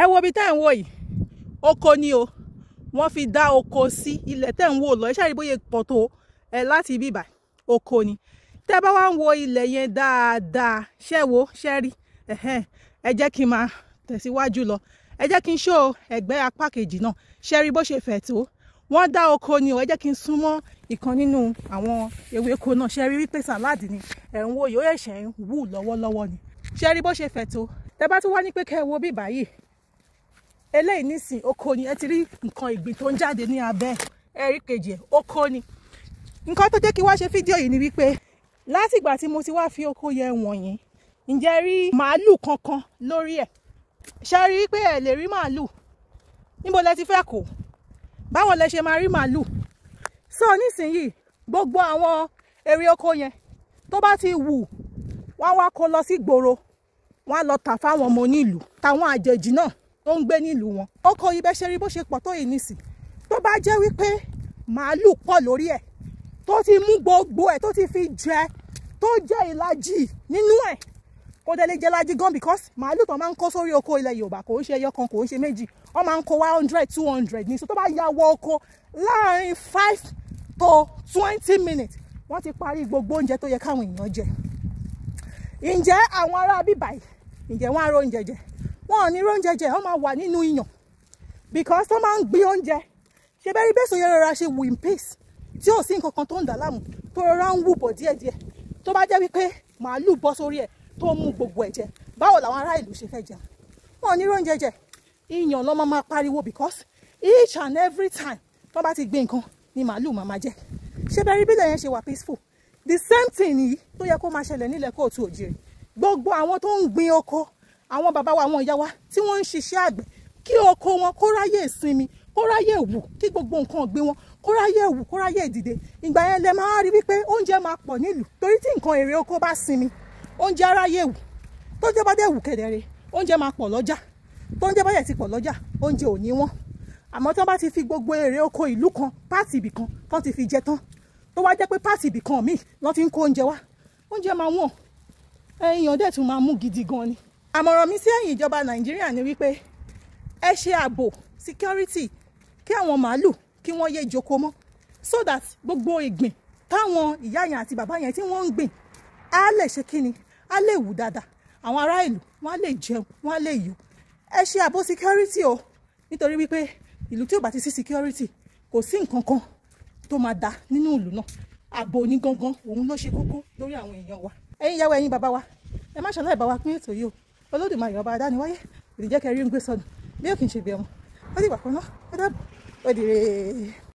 ẹ wo ibi tẹ́ ń wò yìí oko ni o wọ́n fi dá oko sí ilẹ̀ tẹ́ ń wò lọ iṣẹ́ ìbóye pọ̀ tó ẹ láti ibi ìbà oko ni tẹ́ bá wá ń wo ilẹ̀ yẹn dáadáa ṣẹ́ wo ṣẹ́ rí ẹ jẹ́ kí n máa tẹ̀síwájú lọ ẹ jẹ́ kí n ṣó ẹ̀gbẹ́ apá kejì náà ṣẹ́ rí bó ṣe fẹ̀ tó wọ́n dá oko ni o ẹ jẹ́ kí n súnmọ́ ìkan nínú àwọn ewéko náà ṣẹ́ rí wípé sàláàdì ni ẹ̀ ń wo yìí ó ẹ̀ṣẹ̀ ń wù lọ́wọ́lọ́wọ́ ni ṣẹ́ rí bó ṣe fẹ̀ tó tẹ́ bá tún wá ní pé kẹ́ ẹ wo bíbá yìí eléyìí nísìn oko ni ẹ ti rí nǹkan ìgbìn tó ń jáde ní abẹ́ ẹ̀rí kejì ẹ̀ oko ni nǹkan tó jẹ́ kí wá ṣe fídíò yìí ni wípé látìgbà tí mo ti wá fi oko yẹ wọ̀nyí ǹjẹ́ rí màálù kankan lórí ẹ̀ ṣe rí pé ẹ lè rí màálù níbo lẹ ti fẹ́ kó báwo lẹ ṣe máa rí màálù so nísìnyí gbogbo àwọn èrè oko yẹn tó bá ti wù wọ́n wá kó lọ sí gbòòrò wọ́n lọ tà fáwọn ọmọ onílù táwọn àjèjì náà tó ń gbé nílùú wọn ọkọ yìí bẹ́ ṣe rí bó ṣe pọ̀ tó yìí nìsí tó bá jẹ́ wípé màálù pọ̀ lórí ẹ̀ tó ti mú gbogbo ẹ̀ tó ti fi jẹ tó jẹ́ ìlàjì nínú ẹ̀ kó délé jẹ́ lájí gan because màálù tó máa ń kó sórí oko ilẹ̀ Yorùbá kò ń ṣe ẹyọ kan kò ń ṣe méjì wọ́n máa ń kó one hundred two hundred ní so tó bá ya wọ oko láàrin five to twenty minutes wọ́n ti parí gbogbo oúnjẹ tó yẹ káwọn èèyàn jẹ ǹjẹ́ àwọn ará bíbáyìí ǹjẹ́ wọ́n á ro oúnjẹ jẹ wọn ò ní róúnjẹ jẹ wọn máa wà nínú iyàn because wọn máa ń gbin oúnjẹ ṣe bẹ́ẹ̀ rí bẹ́ẹ̀ sọ̀yẹ́ rọra ṣe wù in peace tí ò sí nǹkan kan tó ń dà láàmú tó rọra ń wù bọ̀ díẹ̀díẹ̀ tó bá jẹ́ wípé màálù bọ́ sórí ẹ̀ tó ń mú gbogbo ẹ̀ jẹ báwo làwọn ará ìlú ṣe fẹ́ jẹun wọn ní róúnjẹ jẹ iyàn lọ́mọ máa pariwo because each and every time tó bá ti gbin nǹkan ni màálù máa máa jẹ ṣe bẹ́ẹ̀ rí bílẹ̀ yẹn ṣe wà peaceful the same thing yìí tó yẹ kó máa ṣẹlẹ̀ nílẹ̀ kóòtù òjìrì gbogbo àwọn tó ń gbin oko àwọn bàbá wa àwọn ìyá wa tí wọ́n ń ṣiṣẹ́ àgbẹ̀ kí oko wọn kó ráyè sinmi kó ráyè wù kí gbogbo nǹkan ọ̀gbìn wọn kó ráyè wù kó ráyè dìde ìgbà yẹn lẹ máa rí wípé oúnjẹ máa pọ̀ nílùú torí tí nǹkan èrè oko bá sinmi oúnjẹ aráyè wù tó jẹ́ bá dẹ̀ wù kedere oúnjẹ máa pọ̀ lọ́jà tó ń jẹ́ bá dẹ̀ ti pọ̀ lọ́jà oúnjẹ ò ní wọ́n àmọ́ tí wọ́n bá ti fi gbogbo èrè oko ìlú kan páàtì ibì kan tán ti fi jẹ tán tó wá jẹ́ pé páàtì ibì kan míì lọ́n ti ń kó oúnjẹ wá oúnjẹ máa wọ̀n èèyàn dẹ̀ tún máa mú gidi gan ni àmọ̀ràn mi sí ẹ̀yìn ìjọba nàìjíríà ni wípé ẹ ṣe ààbò security kí àwọn màálù kí wọ́n yé joko mọ́ so that gbogbo ìgbìn táwọn ìyá yẹn àti bàbá yẹn tí wọ́n ń gbìn á lè ṣe kíni á lè wù dáadáa àwọn ará ìlú wọ́n á lè jẹun wọ́n á lè yó ẹ ṣe ààbò security o nítorí wípé ìlú tí ò bá ti sí security kò sí nǹkan kan tó máa dá nínú ìlú náà ààbò ní gangan òun ló ṣe kókó lórí àwọn èèyàn wa ẹ̀yin ìyá wa ẹ̀yin bàbá wa ẹ má ṣàlàyé bá wa pín ètò yìí o olódùmarè ọba adániwáyé ìdíjẹ́ kẹrí ń gbé sọnù bí òkè ń ṣe gbẹ̀wọ̀n ó dìgbà kan náà ó dàbọ̀ ó dìre.